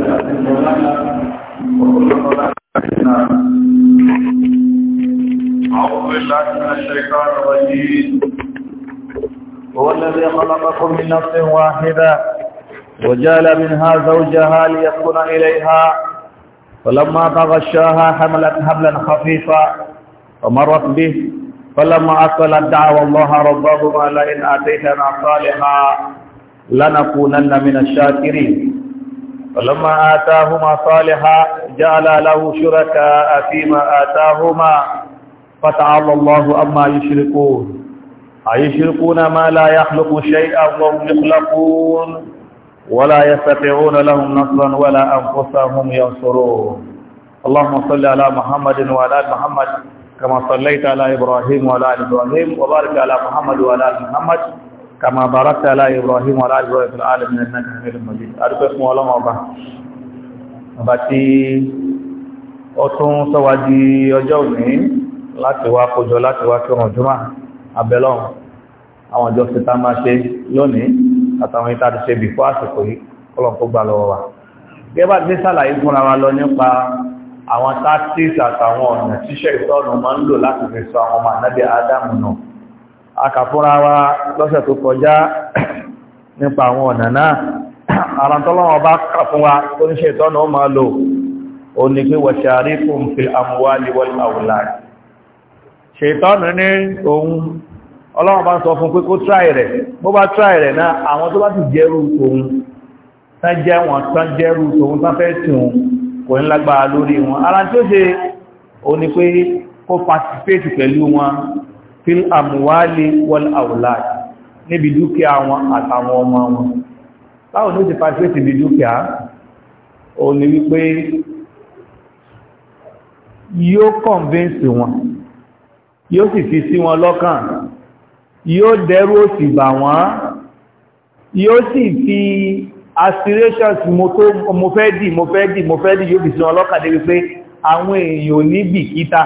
هو الذي خلقكم من نفس واحدة وجعل منها زوجها ليسكن إليها فلما تغشاها حملت حملا خفيفا ومرت به فلما أصلت دعوا الله ربهما لئن آتيتنا صالحا لنكونن من الشاكرين فلما آتاهما صالحا جعل له شركاء فيما آتاهما فتعالى الله أما يشركون أيشركون ما لا يخلق شيئا وهم يخلقون ولا يستطيعون لهم نصرا ولا أنفسهم ينصرون اللهم صل على محمد وعلى آل محمد كما صليت على إبراهيم وعلى آل إبراهيم وبارك على محمد وعلى آل محمد كما باركت على إبراهيم وعلى آل إبراهيم في العالمين إنك حميد مجيد أدوك اسم الله ọba ọba tí ó tún sọ wá di ọjọ́ òní láti wá kójọ láti wá kí ọ̀rùn jùmọ́ abẹ́lọ́n àwọn ọjọ́ sí tá máa ṣe lónìí àtàwọn ìta ti ṣe bí fún àsìkò yìí kọ́lọ̀ kó gbà lọ́wọ́ wa gẹ́gbà tí sàlàyé fúnra wa lọ nípa àwọn tactics àtàwọn ọ̀nà tíṣẹ́ ìtọ́nù fi sọ àwọn ọmọ ànábì ádámù náà akàfúnra wa lọ́sẹ̀ tó kọjá nípa àwọn ọ̀nà náà ara tọ́lọ́wọ́ bá kà fún wa tó ń ṣe ìtọ́nà ó máa lò ó ní pé wa sharikum fil amwali wal awlad ṣètọ́nù ní ohun ọlọ́wọ́ bá sọ fún pé kó tráì rẹ̀ bó bá tráì rẹ̀ náà àwọn tó bá ti lórí wọn ara tí ó ṣe ó ní pé kó participate pẹ̀lú wọn fil àmúwálé wal àwòláì níbi dúkìá wọn àtàwọn ọmọ wọn láwọn tó ti pàtíwẹ́tì bí dúkìá o ní wípé yóò kọ̀nvínsì wọn yóò sì fi sí wọn lọ́kàn yóò dẹ́rù òsì bà wọ́n yóò sì fi aspirations mo tó mo fẹ́ dì mo fẹ́ dì mo fẹ́ dì yóò fi sí wọn lọ́kàn débi pé àwọn èèyàn níbì kíta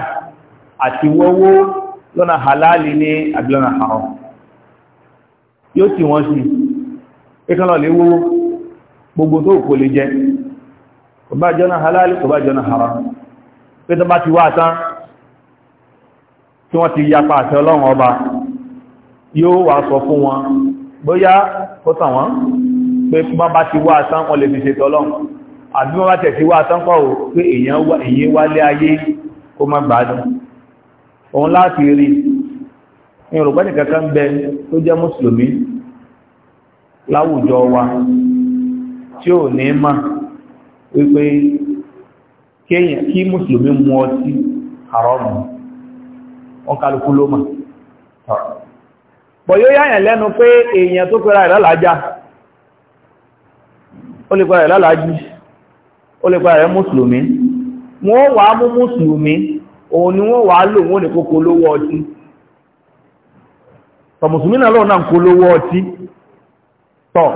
àti wọ́wọ́ lọ́nà halali ní àbílọ́nà haram yóò tí wọ́n sí ìkànlọ̀ lè wó gbogbo tó kò lè jẹ kò bá jọ́nà halali kò bá jọ́nà haram pé tó bá ti wá tán tí wọ́n ti yapa àṣẹ ọlọ́run ọba yóò wà sọ fún wọn bóyá kó tàn wọ́n pé bá bá ti wá tán wọ́n lè fi ṣe tọ́lọ́run àbí wọ́n bá tẹ̀ sí wá tán kọ́ pé èèyàn wálé ayé kó má gbádùn òun láti rí ní òrùpẹ́ nìkankan ń bẹ tó jẹ́ mùsùlùmí láwùjọ wa tí ò ní wípé kí mùsùlùmí mu ọtí àrọ́mù wọn kálukú ló mà bọ̀ yóò yáyàn lẹ́nu pé èèyàn tó pẹ́ra ìlàlájá ó lè pẹ́ra ó lè pẹ́ra ẹ̀ mùsùlùmí wọ́n wà mú òun ni wọ́n wàá lò wọ́n ní kó ọtí tọ̀ mùsùlùmí náà lọ́wọ́ náà ń ọtí tọ̀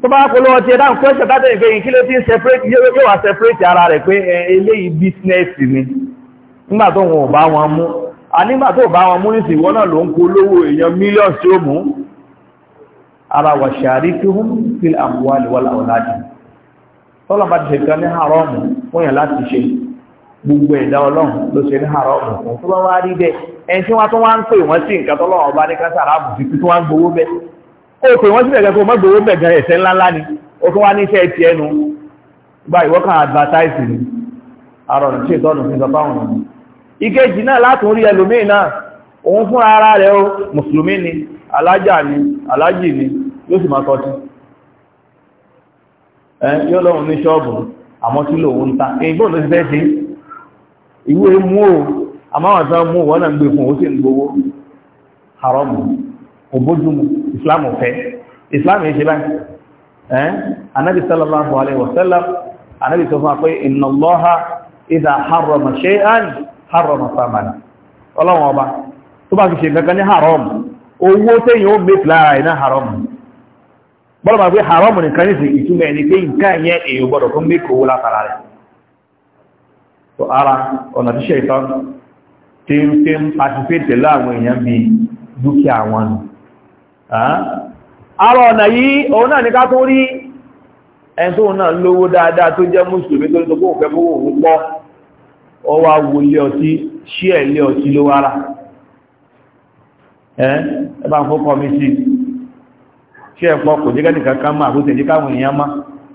tó bá ọtí ẹ̀dá nǹkan ṣe tátẹ̀ ìfẹ́ yìí kí ló ń separate ara rẹ̀ pé eléyìí business ni nígbà wọn bá wọn mú ànígbà tó bá wọn mú ní ìwọ náà ló ń polówó mú ara gbogbo ẹ̀dá ọlọ́run ló ṣe ní àárọ̀ ọ̀hún tó bá wá rí bẹ́ẹ̀ ẹni tí wọ́n wá ń pè wọ́n sí nǹkan ọba ní kására àbùsí tó wọ́n gbowó bẹ́ẹ̀ ó pè wọ́n gbowó bẹ́ẹ̀ gan ẹ̀sẹ̀ ńláńlá ni ó wá ní iṣẹ́ ti ẹnu gba ìwọ́kàn advertise ni ní ìkejì náà látún rí ẹlòmíì náà òun fún ara ìwé mú o àmáwàtá mú wọ́n náà gbé fún ó sì ń gbówó haram òbójúmu islam ọ̀fẹ́ islam yìí ṣe báyìí ẹ́n anábi sallallahu alaihi wasallam anábi tó fún àpé inna Allaha idha harrama shay'an harrama samana ọlọ́wọ́n ọba tó bá fi ṣe kankan ní haram owó tẹ́yìn ó gbé lára iná haram bọ́lọ̀ bá fi haram nìkan ní ara ọ̀nà tíṣẹ́ ìtọ́ tí ń fi ń pàṣípètè èèyàn bí dúkìá wọn nù ara ọ̀nà yìí òun náà ká tó rí ẹni tó náà lówó dáadáa tó jẹ́ mùsùlùmí tó tó kó fẹ́ pọ́ wo ilé ọtí ṣí ẹ̀ ilé ọtí ló wára ẹ bá ń fọ́kọ́ mi sí kò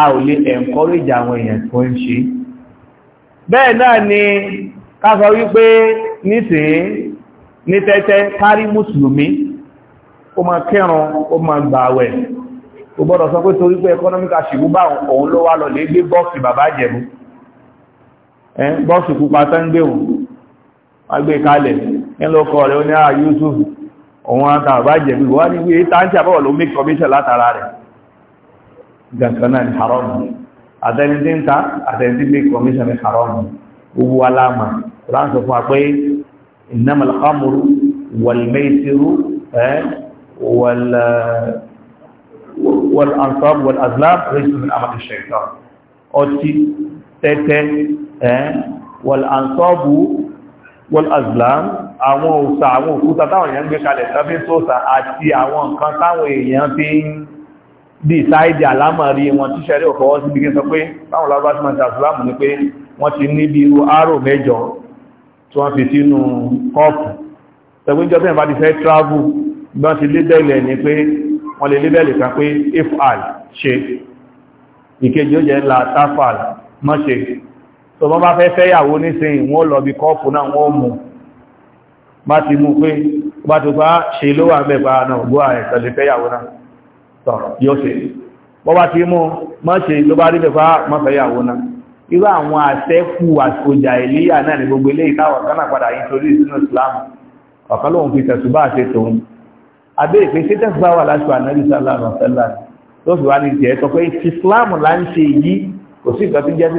a ò lè encourage àwọn èèyàn tó ń ṣe bẹ́ẹ̀ náà ni ká sọ wípé nísìn ní tẹ́tẹ́ kárí mùsùlùmí ó máa kírun ó máa gbààwẹ̀ ó gbọ́dọ̀ sọ pé torí pé economic àṣìwú bá òun ló wá lọ lè gbé bọ́ọ̀sì bàbá jẹ̀mú bọ́ọ̀sì pupa tán gbé òun wá gbé kalẹ̀ nílòkọ rẹ̀ ó ní àà ah, òun àtàbá jẹ̀mú wá ní wí tánṣà bọ́ọ̀ ló make látara rẹ̀ nǹkan náà ni haram ni àtẹni tí ń ta àtẹni tí lè commission ni haram ni owó aláàmà láti sọ fún wa pé innamal khamru wal maysiru wal wal ansab wal azlam shaitan ọtí tẹ́tẹ́ wal ansab wal azlam àwọn òsà àwọn òkúta táwọn èèyàn gbé kalẹ̀ sábẹ́ sóòsà àti àwọn nǹkan táwọn èèyàn fi ń bí ìsáìdì àlámàrí wọn tí ṣẹ̀rí ọ̀fọ́wọ́ sí bíkẹ́ sọ pé báwọn lábá sí mọ́ta ìsìlámù ní pé wọ́n ti ní bí irú arò mẹ́jọ tí wọ́n fi sínú kọ́ọ̀pù tẹgbẹ́jọ́ tẹ́yìn bá ti fẹ́ travel gbọ́n ti lébẹ̀lẹ̀ ní pé wọ́n lè lébẹ̀lẹ̀ kan pé if i ṣe ìkejì ó jẹ́ la tafal mọ́ ṣe tó wọ́n bá fẹ́ fẹ́yàwó nísìnyí wọ́n lọ bí kọ́ọ̀pù náà wọ́n mú bá ti mú pé bá tó bá ṣe lówà mẹ́bàá náà gbọ́ àìsàn lè fẹ́yàwó náà tọ̀ yóò ṣe bọ́ bá ti mú mọ́ ṣe ló bá rí bẹ̀fà mọ́fẹ̀yàwó náà irú àwọn àṣẹ́kù àṣòjà ìlíyà náà ní gbogbo ilé ìtawọ̀ kan padà nítorí ìsinú Islam ọ̀kan lóhun fi tẹ̀sùbá àṣẹ tòun abẹ́ ìpín sí tẹ̀sùbá wà láṣọ ànábì sálàmù Islam là ń ṣe yìí kò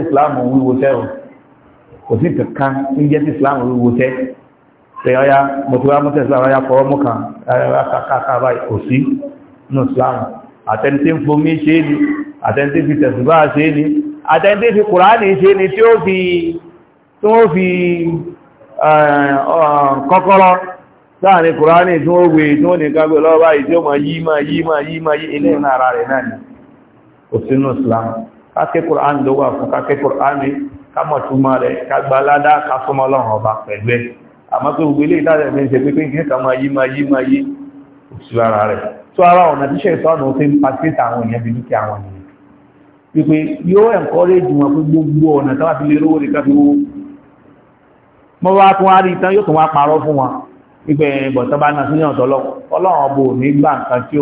Islam wíwo tẹ́ o kò Islam wíwo tẹ́ ṣe ọya mo ti ní islam àtẹni tí ń fomi ṣe ni àtẹni tí fi tẹ̀sùbá ṣe ni àtẹni tí fi kùránì ṣe ni tí ó fi tí ó fi eh, oh, kọ́kọ́rọ́ sáàrin kùránì tí ó wé tí ó ní kágbé lọ́wọ́ ìdí ó ma yí ma yí ma yí ilé ìrìn ara rẹ̀ náà ni kò sínú islam káké kùránì ló wà fún káké kùránì kámọ̀túmọ̀ rẹ̀ kágbáládá kásọmọ́ ọlọ́run ọba pẹ̀lú ẹ̀ àmọ́ tó gbélé ìdájẹ̀ mi ń ṣe pé kí n kà máa tó ara ọ̀nà tí ṣẹ̀tọ́nù fi ń pàtíkà àwọn èèyàn bí dúkìá wọn ni wípé yóò encourage wọn pé gbogbo ọ̀nà tó wà fi lè rówó nìkan fi wó mọ́ wá tún wá rí tán yóò tún wá parọ́ fún wọn wípé bọ̀tán bá náà síyàn tọ́lọ́ ọlọ́run ọbọ̀ ní gbà nǹkan tí ò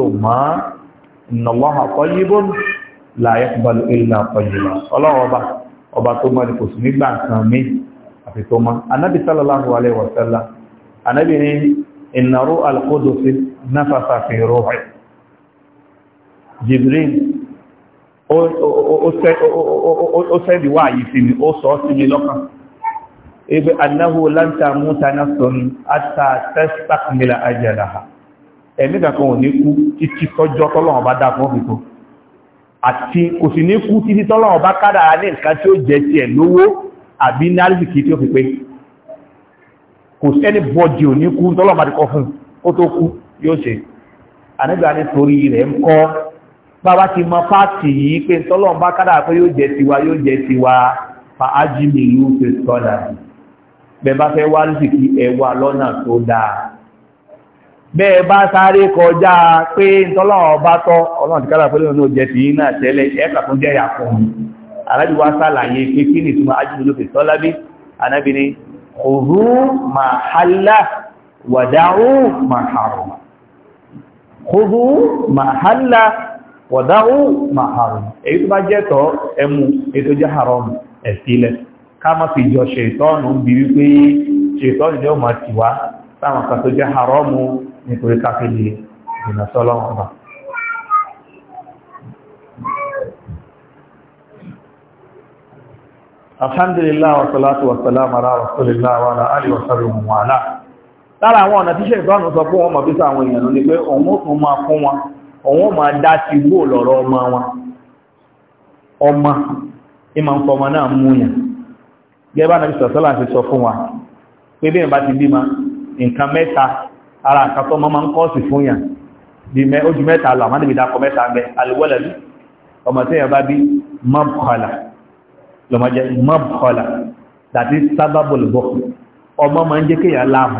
náfàfà fi rọ́ọ̀hẹ̀ Jibril ó sẹ́dì wà yìí sí mi ó sọ sí mi lọ́kàn ebe o lan tamuta nafsun hatta tastakmila ajalaha ẹ̀mí kankan ò ní kú títí tọ́jọ́ tọ́lọ́run bá dá fún òfìkò àti kò sì ní kú títí tọ́lọ́run bá kádà ní nǹkan tí ó jẹ ti ẹ̀ lówó àbí ní alìsìkí tí ó fi pé kò sẹ́ni bọ́dì ò ní kú tọ́lọ́run bá ti kọ fún ó tó kú yóò ṣe ànígbà ní torí rẹ̀ ń kọ́ bàbá ti mọ fáàtì yìí pé tọ́lọ́n bá kádà pé yóò jẹ tiwa yóò jẹ tiwa fa ájími ìlú pé tọ́lá bẹ́ẹ̀ bá fẹ́ wá lùsì kí ẹ wà lọ́nà tó dáa bẹ́ẹ̀ bá sáré kọjá pé tọ́lọ́n bá tọ́ ọlọ́run ti kádà pé lónà kódú màhálà wọ̀dáwó màhàrùn èyí tó bá jẹ́tọ̀ ẹmú ètò jẹ́ haram ẹ̀sílẹ̀ ká má fi jọ ṣètọ́nù bí wípé ṣètọ́nù jẹ́ ọmọ tiwa táwọn kan tó jẹ́ haram nítorí káfílì ìrìnàṣọ́lọ́wọ́n ọba alhamdulillah wa salatu wa salam ala rasulillah wa ala alihi wa sahbihi wa ala lára àwọn ọ̀nà tí ṣètọ́nù sọ pé wọ́n mọ̀ fífà àwọn èèyàn ní pé òun ó tún máa fún wọn òun ó máa dá sí gbó lọ́rọ̀ ọmọ wọn ọmọ ìmọ̀ ń fọmọ náà mú yàn gẹ́gbà náà sọ sọ́là ti sọ fún wa pé bí ìbá ti bímọ nǹkan mẹ́ta ara nǹkan tó ń kọ́ọ̀sì fún yàn ojú mẹ́ta lọ àmọ́ níbi dákọ mẹ́ta ń bẹ alwalad ọmọ tí yàn bá bí mabkhala lọ́mọ jẹ́ mabkhala that sábàbọ̀lùbọ̀ ọmọ máa ń jẹ́ kéèyàn láàmù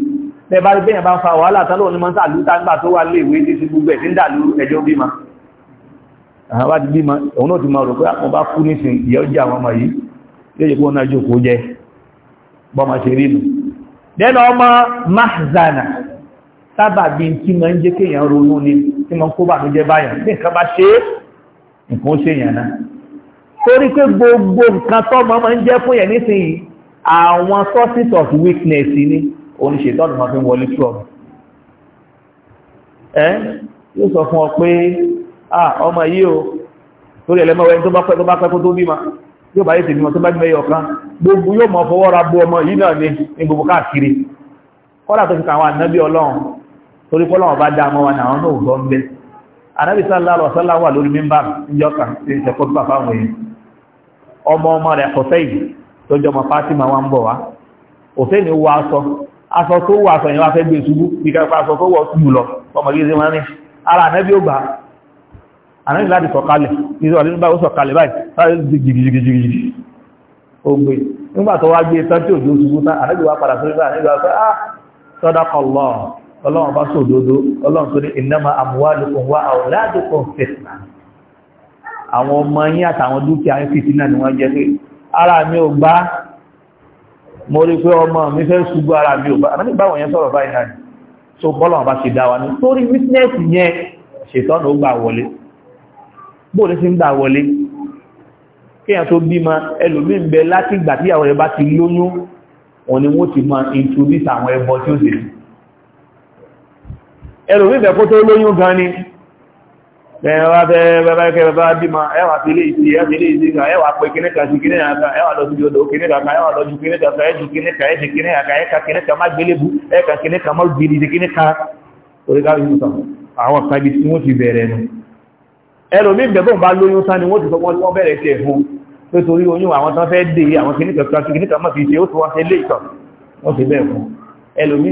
bẹ́ẹ̀ bá rí bẹ́ẹ̀ bá ń fa wàhálà tán lóòní máa ń sàlúta nígbà tó wà léèwé ní ti gbogbo ẹ̀sìn dàlú ẹjọ́ bímọ àwọn bá ti bímọ òun náà ti máa rò pé àpọ̀ ah, bá kú nísìn ìyá ó jẹ́ àwọn ọmọ yìí yóò jẹ́ pé wọ́n náà jókòó jẹ́ bọ́mọ ṣe mahzana sábàbí tí máa ń jẹ́ kéèyàn ronú ni tí máa ń kó bà tó jẹ́ báyàn bí nǹkan bá ṣe nǹkan ó ṣe àwọn sources of weakness ni oníṣe tọ́nù máa fi ń wọlé tú ọ̀rọ̀ ẹ́ yóò sọ fún ọ pé ah ọmọ yìí o torí ẹlẹ́mọ̀wẹ́ tó bá pẹ́ tó bá pẹ́ kó tó bímọ yóò bá yé tèmi wọn tó bá gbé ẹyọ kan gbogbo yóò mọ̀ fọwọ́ ra bo ọmọ yìí náà ní ní gbogbo káàkiri kọ́lá tó fi kàwọn ànábì ọlọ́run torí pọ́lọ́wọ́n bá dá mọ́ wa náà náà gbọ́ ń bẹ́ ànábì sallallahu alaihi wasallam wà lórí mímbà níjọ́ kan ni wọ́n aṣọ tó wọ aṣọ ìyẹn wá fẹ́ gbé ṣubú bí kẹfà aṣọ tó wọ ṣubú lọ ọmọlẹ́sẹ̀ wọn ní ara ànẹ́bí ó gbà ànẹ́bí láti sọ̀kalẹ̀ ìṣọ́ àti nígbà ó sọ̀kalẹ̀ báyìí sáré jìgìjìgìjì ó gbé nígbà tó wá gbé tán tí òjò ṣubú tán ànẹ́bí wá padà sórí báyìí nígbà sọ́dá sọ́dákọ̀lọ́ ọlọ́run bá sòdodo ọlọ́run tó ní ìnáma àmúwádùkùn wá àwòládùkùn fìtìnà àwọn ọmọ yín àtàwọn dúkìá fìtìnà ni wọ́n jẹ́ pé ara mi ò gbà mo rí pé ọmọ mi fẹ́ ṣubú ara mi ò bá àmì báwọn yẹn sọ̀rọ̀ báyìí náà so bọ́lọ̀ bá ṣe dá wa ní torí witness yẹn ṣètọ́nà ó gbà wọlé bó ní sí ń gbà wọlé kíyàn tó bímọ ẹlòmí ń bẹ láti ìgbà tí ìyàwó rẹ̀ bá ti lóyún wọn ni wọ́n ti máa introduce àwọn ẹbọ tí ó sì ẹlòmí bẹ̀ kó tó lóyún gan ni bẹ́ẹ̀ wá fẹ́ bàbá ẹ̀kẹ́ bàbá bímọ ẹwà fi lè ṣe ẹwà fi lè ṣe ká ẹwà pé kíní kan sí kíní àká ẹwà lọ sí odò kíní kàkà ẹwà lọ ju kíní kàkà ẹjù kíní kà ẹjù kíní àká ẹka kíní kan má gbélébu ẹka kíní kan má gbèlè ṣe kíní ká orí ká yóò tàn àwọn kan ibi tí wọ́n ti bẹ̀rẹ̀ nu. ẹlòmíì bẹ̀bọ̀n bá lóyún sani wọ́n ti sọ wọ́n wọ́n bẹ̀rẹ̀ tiẹ̀ fún nítorí oyún àwọn tán fẹ́ dé àwọn kíní kan sí kíní kan má fi ṣe ó ti wá ṣe lé ìtàn wọ́n ti bẹ̀rẹ̀ fún ẹlòmíì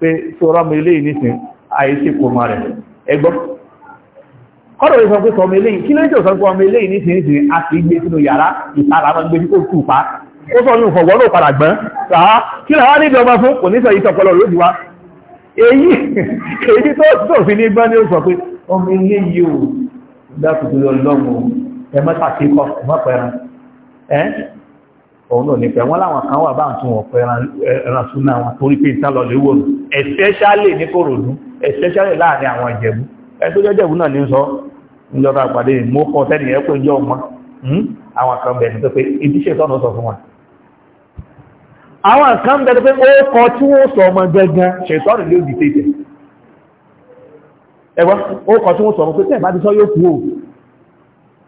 pé tí ọ̀rọ̀ mọ ilé ìnísìn àìsí kò máa rẹ̀ ẹgbọ́ kọ́rọ̀ ìsọ pé sọmọ ilé kí lẹ́jọ́ sọ pé ọmọ ilé ìnísìn ìsìn a sì gbé sínú yàrá ìtara máa gbé kó tù pa ó sọ ní ìfọ̀wọ́ náà padà gbọ́n sàá ah, kí làwọn níbi ọmọ fún kò ní sọ yìí tọpọlọ lójú wa èyí èyí tó tó fi ní gbọ́n ní ó sọ pé ọmọ ilé yìí ò dákùtù lọ́mù ẹ mọ́ta kíkọ́ mọ́pẹ́ran òun náà nípa wọn láwọn kan wà báwọn tí wọ́n pẹ́ ẹran eh, súnà wọn torí pé ìta lọ léwò especially ní Kòròdú especially láàrin àwọn Ìjẹ̀bú ẹni tó jẹ́jẹ̀bú náà ní sọ ìjọba àpàdé mú kọ́ tẹ́nì ẹ̀kọ́ ìjọ ọmọ àwọn kan bẹ̀rẹ̀ tó pé ìdíṣẹ́ tọ́nà sọ fún wọn àwọn kan bẹ̀rẹ̀ pé ó kọ tí wọ́n sọ ọmọ gẹ́gẹ́ ṣètọ́rì ló dìtẹ̀ ẹgbọ́n ó kọ tí wọ́n sọ ọmọ pé tẹ́ẹ̀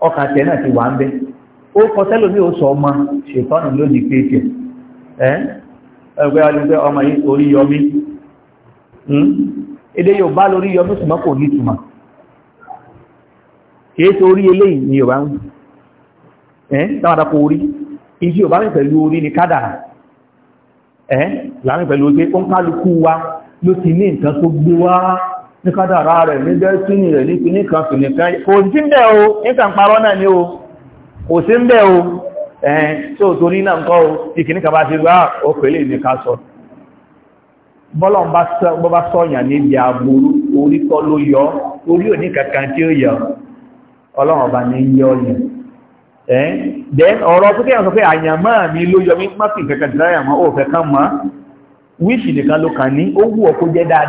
ọkà tẹ̀ náà ti wà ń bẹ́ ó kọ sẹ́lòmí ó sọ ọmọ ṣètọ́nù ló di pé tẹ̀ ẹ́ ẹgbẹ́ alùpẹ́ ọmọ yìí orí yọmí hmm? èdè yóò bá lórí yọmí ṣùgbọ́n kò ní ìtumọ̀ kìí tó orí eléyìí ni yóò bá ń ẹ́ dáadáa kó orí ìjì yóò bá mi pẹ̀lú orí ni kádàrà ẹ́ làmì pẹ̀lú orí pé ó ń kálukú wa ló ti ní nǹkan tó gbé wá ní kádàrá rẹ̀ ní dẹ́sìnì rẹ̀ ní kìníkan kìníkan kò sí ń bẹ̀ o nǹkan parọ́ náà ni o kò sí ń bẹ̀ o ẹ̀hẹn tí ó torí náà nǹkan o tí bá ti gbá ó ní ká sọ bọ́lọ̀n sọ́yàn níbi àbúrú ló yọ orí ò kankan tí ó yọ ọlọ́run ní yọ ọ̀rọ̀ tó sọ pé mi ló yọ mí kankan ó mọ́ wíṣì nìkan ló kàn ní ó wù jẹ́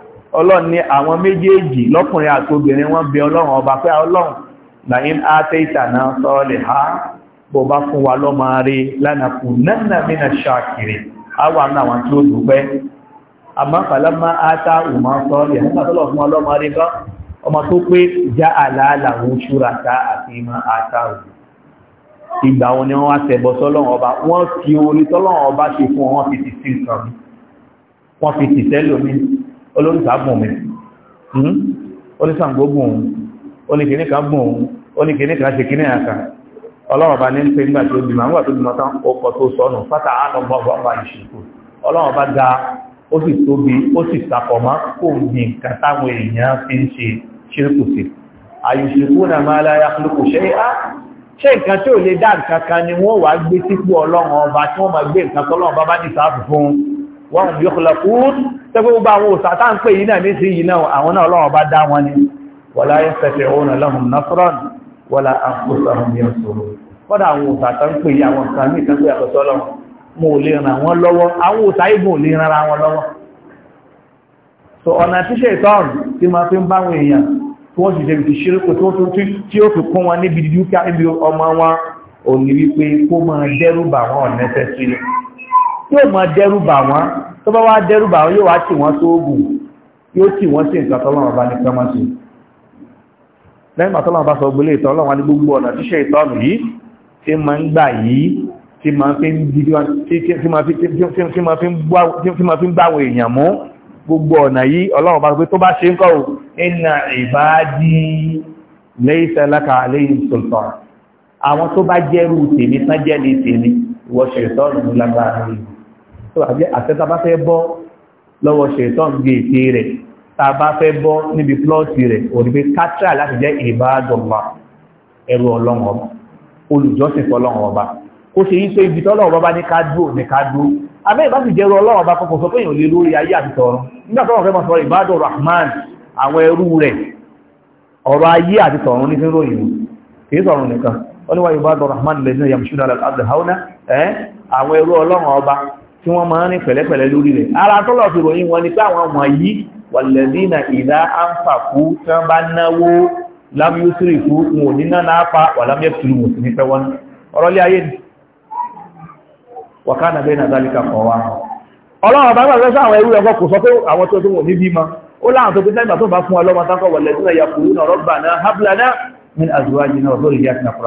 ọlọ́run ni àwọn méjèèjì lọ́kùnrin àti obìnrin wọ́n bẹ ọlọ́run ọba pé ọlọ́run làyín àtẹ́ìtà náà sọ́ọ̀lẹ̀ ha bọ̀ bá fún wa lọ́mọ rí lánàkù nánà mínà ṣàkiri àwọn àwọn tí ó dùpẹ́ àmá pàlámá átá òmá sọ́ọ̀lẹ̀ látọ́lọ̀ fún ọlọ́mọ rí bá ọmọ tó pé já àlàálàwọ̀ ṣúrata àti ìmá átá òun ìgbà wọn ni wọ́n wá tẹ̀bọ sọ́lọ́run ọba wọ́n fi orí tọ́lọ́run ọba ṣe fún wọn fi ti sí nǹkan wọ́n fi ti sẹ́lòmíì olóríta gùn mi oníṣàǹgó hmm? gùn òun oníkìní kan gùn òun oníkìní kan ṣe kíní àkà ọlọ́run bá ní ń pè nígbà tó bímọ nígbà tó bímọ tán ọkọ̀ tó sọnù fátà ánàmọ́ ọba ìṣèkò ọlọ́run bá ga ó sì tóbi ó sì sàkọ̀mọ́ kò ní nǹkan táwọn èèyàn fi ń ṣe ṣírkù sí àyùṣèkú náà máa láyà lóko ṣe é ṣé nǹkan tí ò lè dá nǹkan kan ni wọ́n wàá gbé sípò ọlọ́run ọba tí wọ́n máa gbé nǹkan tọ́lọ́run bá bá ní sáàfù fún wọn yóò tẹ́gbẹ́ gbogbo àwọn òsàtà ń pè yìí náà ní sí yìí náà àwọn náà Ọlọ́run bá dá wọn ni wala yastati'una lahum nasran wala anfusahum yansurun kọ́dà àwọn òsàtà ń pè yìí so ọ̀nà tíṣe ìtọ́rùn tí máa fi ń bá àwọn èèyàn tí wọ́n sì ṣe ti ṣeré kò tí ó fi wípé kó máa dẹ́rù wọn ọ̀nẹ́sẹ̀ sílẹ̀ yóò mọ dẹ́rùbà wọn tó bá wá dẹ́rùbà wọn yóò wá tì wọ́n sóògùn yóò tì wọ́n sí nǹkan tọ́lọ́run bá ní pẹ́ mọ́ sí lẹ́yìn àtọ́lọ́run bá sọ gbélé ìtọ́ ọlọ́run ní gbogbo ọ̀nà tíṣẹ́ ìtọ́nù yìí tí ma ń gbà yìí tí ma fi ń gbáwọn èèyàn mú gbogbo ọ̀nà yìí ọlọ́run bá sọ pé tó bá ṣe ń kọ́ sultan àwọn tó bá jẹ́rù tèmi sájẹ́ lè tèmi ìwọ̀ṣẹ̀ ìtọ́nù lágbára rí tó àjẹ́ àtẹ́tàbá fẹ́ bọ́ lọ́wọ́ ṣètọ́n gbé ètè rẹ̀ tàbá fẹ́ bọ́ níbi plọ́ọ̀tì rẹ̀ òdìbí kátírà láti jẹ́ ìbádọ́gba ẹrù ọlọ́run ọba olùjọ́sìn fọlọ́run ọba kó ṣe yí pé ibi tọ́lọ́run ọba ní ká dúró ní ká dúró abẹ́ ìbá sì jẹ́rọ ọlọ́run ọba kọkọ̀ sọ pé èèyàn lè lórí ayé àti tọ̀run nígbà tọ́run fẹ́ mọ̀ sọ ìbádọ́ rahman àwọn ẹrú rẹ̀ ọ̀rọ̀ ayé àti tọ̀run ní fínrò ìlú kìí sọ̀rọ̀ nìkan wọ́n ni wá ìbádọ́ rahman lè ní yamṣúná al-adhauna àwọn ẹrú ọlọ́run ọba tí wọ́n máa ní pẹ̀lẹ́pẹ̀lẹ́ lórí rẹ̀ ara tọ́lọ̀ fi ròyìn wọn ni pé àwọn ọmọ yìí wàlẹ̀dínà ìdá àǹfàkú tí wọ́n bá náwó lábíúsírì fún wọn ní náà náàpá wà lábíẹ̀kìrì mùsù ní fẹ́ wọn ọ̀rọ̀lé ayé ni wàkánà bẹ́ẹ̀ nàzálíkà kan wá ọlọ́run bá gbàgbé sáwọn ẹrú ẹ̀kọ́ kò sọ pé àwọn tó tó wọ̀ ní bímọ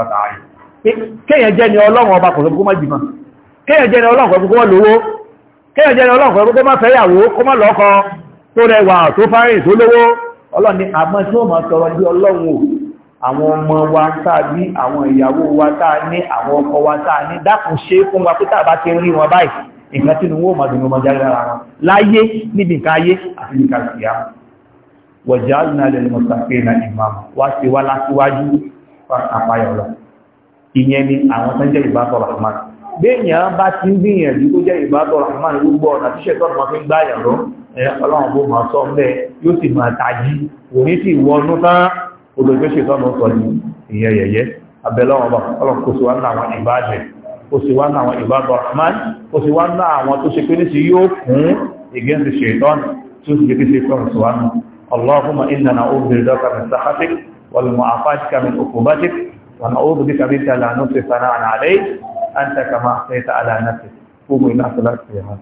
ó kéèyàn jẹ́ ni ọlọ́run ọba kò sọ pé kó má jìmọ̀ kéèyàn jẹ́ ọlọ́nkọ̀ gbogbo wọn lówó kéèyàn jẹ́ ọlọ́nkọ̀ gbogbo má fẹ́ yàwó kó má lọ́kọ tó rẹwà tó fárìn tó lówó ọlọ́run àmọ́ tí ó máa sọ̀rọ̀ bí ọlọ́run o àwọn ọmọ wa tàbí àwọn ìyàwó wa tá ní àwọn ọkọ wa tá ní dákun ṣe fún wa pé tàbá ti rí wọn báyìí nǹkan tí wọn ò máa dùnú ọmọdé ara wọn láyé níbi nǹkan ayé àti nǹkan ìyá wọ̀já náà lẹ́nu mọ̀sáfẹ́ náà ìmáàmù wá sí wá láṣíwájú àpáyọ̀ lọ ìyẹn ni àwọn tó ń jẹ́ ìbáfọ̀ béèyàn bá ti ń gbìyànjú tó jẹ́ ìbádọ́ rahman gbogbo ọ̀nà tí ṣẹ̀tọ́ ma fi ń gbáyàn lọ ọlọ́run bó ma sọ mẹ́ yóò sì máa tají òní sì wọnú tán olóògbé ṣẹ̀tọ́ ma sọ ní ìyẹn yẹ̀yẹ́ abẹ́lọ́wọ́n bá ọlọ́run kò sí wá ní àwọn ìbájẹ̀ kò sí wá ní àwọn ìbádọ́ rahman kò sí wá ní àwọn tó ṣe pé ní sí yóò kún ìgẹ́sì ṣẹ̀tọ́n tí ó sì jẹ́ kí ṣe kọ́ anta kama ta ala nafsi ko mai salati ya